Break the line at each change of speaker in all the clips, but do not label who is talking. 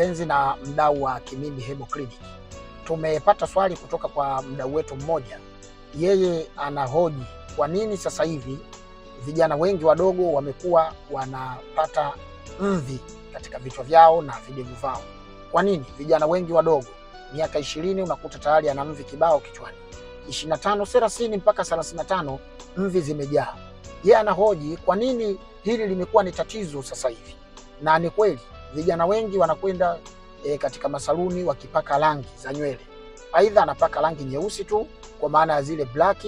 mpenzi na mdau wa Kimimbi Herbal Clinic, tumepata swali kutoka kwa mdau wetu mmoja. Yeye anahoji kwa nini sasa hivi vijana wengi wadogo wamekuwa wanapata mvi katika vichwa vyao na videvu vyao. Kwa nini vijana wengi wadogo miaka ishirini unakuta tayari ana mvi kibao kichwani, ishirini na tano thelathini mpaka thelathini na tano mvi zimejaa. Yeye anahoji kwa nini hili limekuwa ni tatizo sasa hivi, na ni kweli Vijana wengi wanakwenda e, katika masaluni wakipaka rangi za nywele, aidha anapaka rangi nyeusi tu kwa maana ya zile black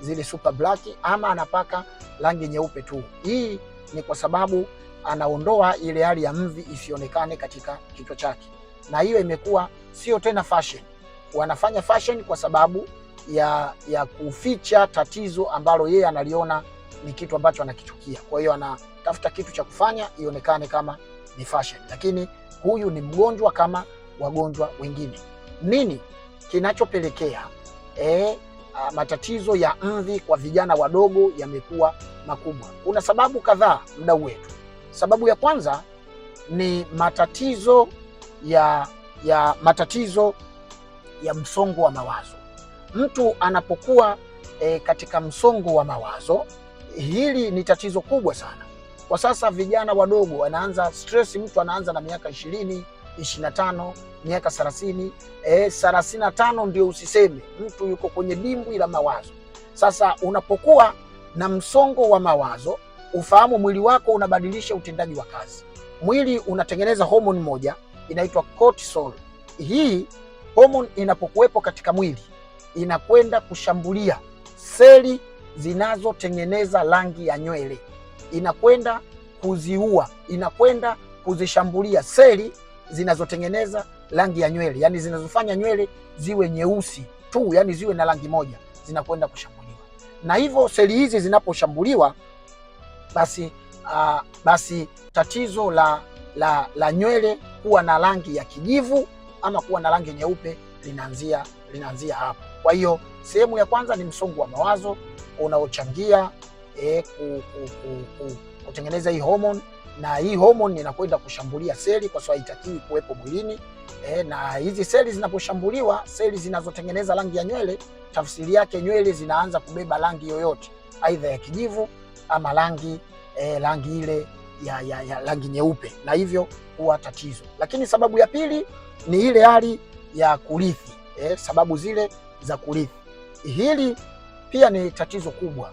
zile super black, ama anapaka rangi nyeupe tu. Hii ni kwa sababu anaondoa ile hali ya mvi isionekane katika kichwa chake, na hiyo imekuwa sio tena fashion. Wanafanya fashion kwa sababu ya, ya kuficha tatizo ambalo yeye analiona ni kitu ambacho anakichukia. Kwa hiyo anatafuta kitu cha kufanya ionekane kama ni fashion, lakini huyu ni mgonjwa kama wagonjwa wengine. Nini kinachopelekea e, a, matatizo ya mvi kwa vijana wadogo yamekuwa makubwa? Kuna sababu kadhaa, mdau wetu. Sababu ya kwanza ni matatizo ya, ya matatizo ya msongo wa mawazo. Mtu anapokuwa e, katika msongo wa mawazo, hili ni tatizo kubwa sana kwa sasa vijana wadogo wanaanza stress, mtu anaanza na miaka ishirini, ishirini na tano, miaka thelathini, eh, thelathini na tano ndio usiseme, mtu yuko kwenye dimbwi la mawazo. Sasa unapokuwa na msongo wa mawazo, ufahamu mwili wako unabadilisha utendaji wa kazi. Mwili unatengeneza homoni moja inaitwa cortisol. Hii homoni inapokuwepo katika mwili inakwenda kushambulia seli zinazotengeneza rangi ya nywele inakwenda kuziua, inakwenda kuzishambulia seli zinazotengeneza rangi ya nywele, yani zinazofanya nywele ziwe nyeusi tu, yani ziwe na rangi moja, zinakwenda kushambuliwa. Na hivyo seli hizi zinaposhambuliwa, basi uh, basi tatizo la, la, la nywele kuwa na rangi ya kijivu ama kuwa na rangi nyeupe linaanzia linaanzia hapo. Kwa hiyo sehemu ya kwanza ni msongo wa mawazo unaochangia eh, ku, ku, ku, ku, kutengeneza hii homoni na hii homoni inakwenda kushambulia seli kwa sababu haitakiwi kuwepo mwilini eh, na hizi seli zinaposhambuliwa, seli zinazotengeneza rangi ya nywele, tafsiri yake nywele zinaanza kubeba rangi yoyote, aidha ya kijivu ama rangi eh, rangi ile ya, ya, ya rangi nyeupe, na hivyo huwa tatizo. Lakini sababu ya pili ni ile hali ya kurithi eh, sababu zile za kurithi. Hili pia ni tatizo kubwa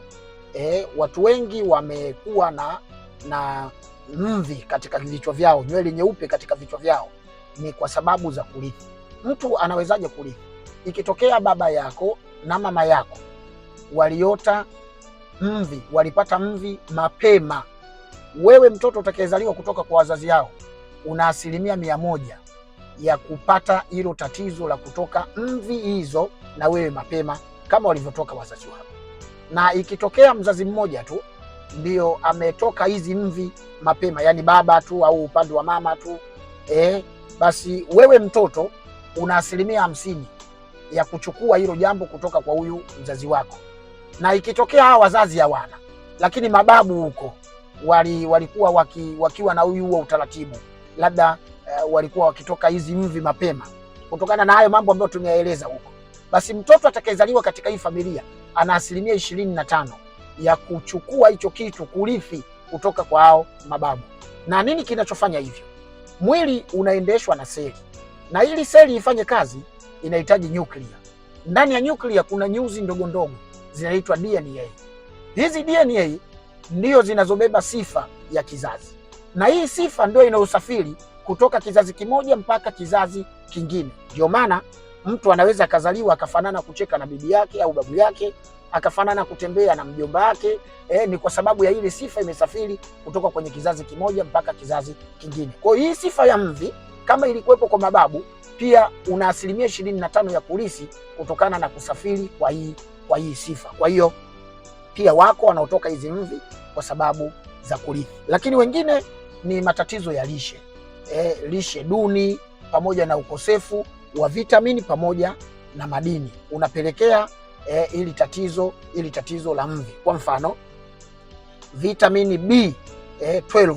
eh, watu wengi wamekuwa na na mvi katika vichwa vyao, nywele nyeupe katika vichwa vyao, ni kwa sababu za kurithi. Mtu anawezaje kurithi? Ikitokea baba yako na mama yako waliota mvi, walipata mvi mapema, wewe mtoto utakayezaliwa kutoka kwa wazazi yao una asilimia mia moja ya kupata hilo tatizo la kutoka mvi hizo na wewe mapema kama walivyotoka wazazi wako na ikitokea mzazi mmoja tu ndio ametoka hizi mvi mapema, yani baba tu au upande wa mama tu eh, basi wewe mtoto una asilimia hamsini ya kuchukua hilo jambo kutoka kwa huyu mzazi wako. Na ikitokea hawa wazazi hawana, lakini mababu huko wali, walikuwa waki, wakiwa na huyu huo utaratibu labda uh, walikuwa wakitoka hizi mvi mapema, kutokana na hayo mambo ambayo tumeyaeleza huko, basi mtoto atakayezaliwa katika hii familia ana asilimia ishirini na tano ya kuchukua hicho kitu kurithi kutoka kwa hao mababu. Na nini kinachofanya hivyo? Mwili unaendeshwa na seli, na ili seli ifanye kazi inahitaji nyuklia. Ndani ya nyuklia kuna nyuzi ndogo ndogo zinaitwa DNA. Hizi DNA ndiyo zinazobeba sifa ya kizazi, na hii sifa ndio inayosafiri kutoka kizazi kimoja mpaka kizazi kingine. Ndio maana Mtu anaweza akazaliwa akafanana kucheka na bibi yake au babu yake, akafanana kutembea na mjomba wake eh, ni kwa sababu ya ile sifa imesafiri kutoka kwenye kizazi kimoja mpaka kizazi kingine. Kwa hiyo hii sifa ya mvi kama ilikuwepo kwa mababu, pia una asilimia ishirini na tano ya kurisi kutokana na kusafiri kwa hii kwa hii sifa. Kwa hiyo pia wako wanaotoka hizi mvi kwa sababu za kurithi, lakini wengine ni matatizo ya lishe eh, lishe duni pamoja na ukosefu wa vitamini pamoja na madini unapelekea eh, ili tatizo ili tatizo la mvi. Kwa mfano vitamini B12 eh,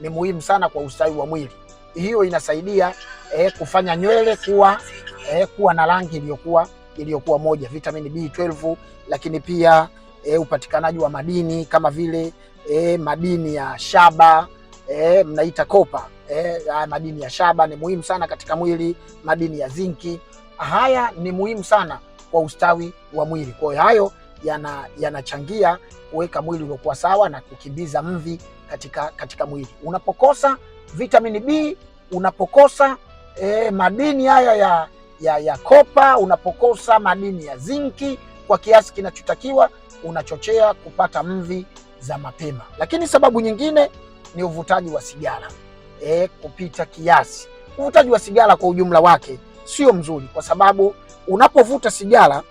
ni muhimu sana kwa ustawi wa mwili. Hiyo inasaidia eh, kufanya nywele kuwa eh, kuwa na rangi iliyokuwa iliyokuwa moja, vitamini B12. Lakini pia eh, upatikanaji wa madini kama vile eh, madini ya shaba eh, mnaita kopa eh, ah, madini ya shaba ni muhimu sana katika mwili, madini ya zinki haya ni muhimu sana kwa ustawi wa mwili. Kwa hiyo hayo yanachangia yana kuweka mwili uliokuwa sawa na kukimbiza mvi katika, katika mwili. Unapokosa vitamini B, unapokosa eh, madini haya ya, ya, ya kopa, unapokosa madini ya zinki kwa kiasi kinachotakiwa, unachochea kupata mvi za mapema. Lakini sababu nyingine ni uvutaji wa sigara eh, kupita kiasi. Uvutaji wa sigara kwa ujumla wake sio mzuri, kwa sababu unapovuta sigara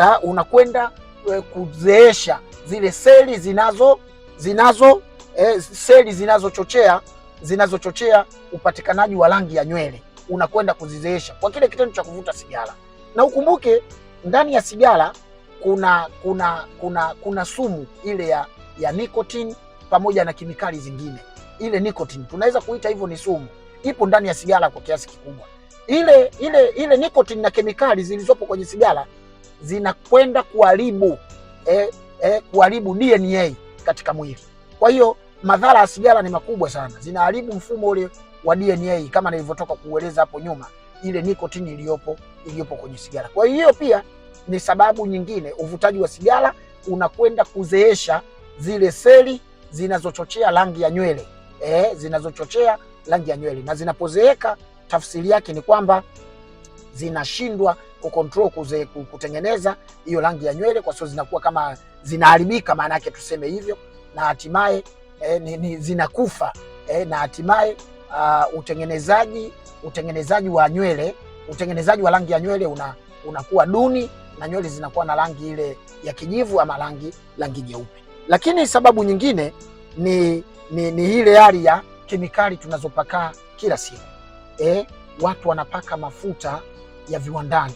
eh, unakwenda eh, kuzeesha zile seli zinazo zinazo eh, seli zinazochochea zinazochochea upatikanaji wa rangi ya nywele unakwenda kuzizeesha kwa kile kitendo cha kuvuta sigara. Na ukumbuke ndani ya sigara kuna kuna kuna kuna sumu ile ya, ya nikotini pamoja na kemikali zingine ile nicotine, tunaweza kuita hivyo ni sumu, ipo ndani ya sigara kwa kiasi kikubwa. Ile ile ile nicotine na kemikali zilizopo kwenye sigara zinakwenda kuharibu eh, eh, kuharibu DNA katika mwili. Kwa hiyo madhara ya sigara ni makubwa sana, zinaharibu mfumo ule wa DNA kama nilivyotoka kueleza hapo nyuma, ile nicotine iliyopo iliyopo kwenye sigara. Kwa hiyo pia ni sababu nyingine, uvutaji wa sigara unakwenda kuzeesha zile seli zinazochochea rangi ya nywele eh, zinazochochea rangi ya nywele na zinapozeeka, tafsiri yake ni kwamba zinashindwa ku kuze, kutengeneza hiyo rangi ya nywele, kwa sababu zinakuwa kama zinaharibika, maana yake tuseme hivyo, na hatimaye eh, ni, ni, zinakufa eh, na hatimaye uh, utengenezaji utengenezaji wa nywele utengenezaji wa rangi ya nywele una, unakuwa duni na nywele zinakuwa na rangi ile ya kijivu ama rangi rangi nyeupe. Lakini sababu nyingine ni, ni, ni ile hali ya kemikali tunazopakaa kila siku eh, watu wanapaka mafuta ya viwandani.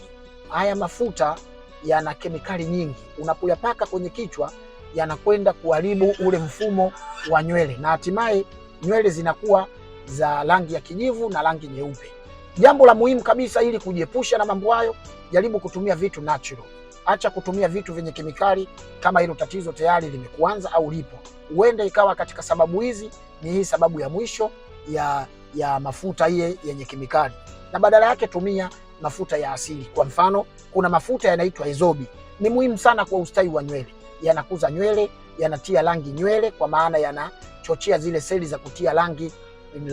Haya mafuta yana kemikali nyingi, unapoyapaka kwenye kichwa yanakwenda kuharibu ule mfumo wa nywele na hatimaye nywele zinakuwa za rangi ya kijivu na rangi nyeupe. Jambo la muhimu kabisa, ili kujiepusha na mambo hayo, jaribu kutumia vitu natural acha kutumia vitu vyenye kemikali kama hilo tatizo tayari limekuanza au lipo. Huenda ikawa katika sababu hizi ni hii sababu ya mwisho ya, ya mafuta hiye yenye kemikali, na badala yake tumia mafuta ya asili. Kwa mfano, kuna mafuta yanaitwa ezobi, ni muhimu sana kwa ustawi wa nywele, yanakuza nywele, yanatia rangi nywele, kwa maana yanachochea zile seli za kutia rangi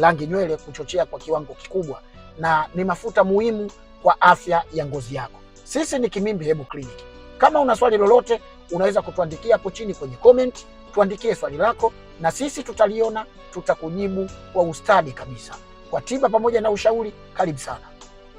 rangi nywele kuchochea kwa kiwango kikubwa, na ni mafuta muhimu kwa afya ya ngozi yako. Sisi ni Kimimbi Herbal Clinic. Kama una swali lolote, unaweza kutuandikia hapo chini kwenye comment, tuandikie swali lako na sisi tutaliona, tutakujibu kwa ustadi kabisa. Kwa tiba pamoja na ushauri, karibu sana.